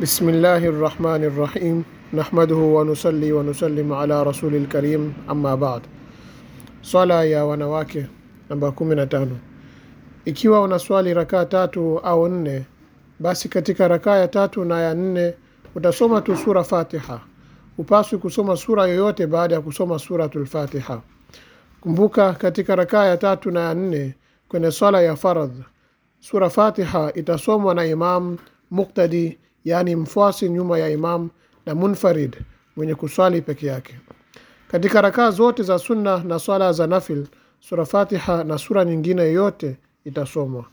Bismillahir Rahmanir Rahim nahmaduhu wa nusalli ala rasulil karim amma ba'd. Swala ya wanawake namba 15. Ikiwa unaswali rakaa tatu au nne, basi katika rakaa ya tatu na ya nne utasoma tu sura Fatiha. Upaswi kusoma sura yoyote baada ya kusoma suratul Fatiha. Kumbuka katika rakaa ya tatu na ya nne kwenye swala ya faradh, sura Fatiha itasomwa na imam muktadi yaani mfuasi nyuma ya imam na munfarid mwenye kuswali peke yake katika rakaa zote za sunna na swala za nafil sura fatiha na sura nyingine yoyote itasomwa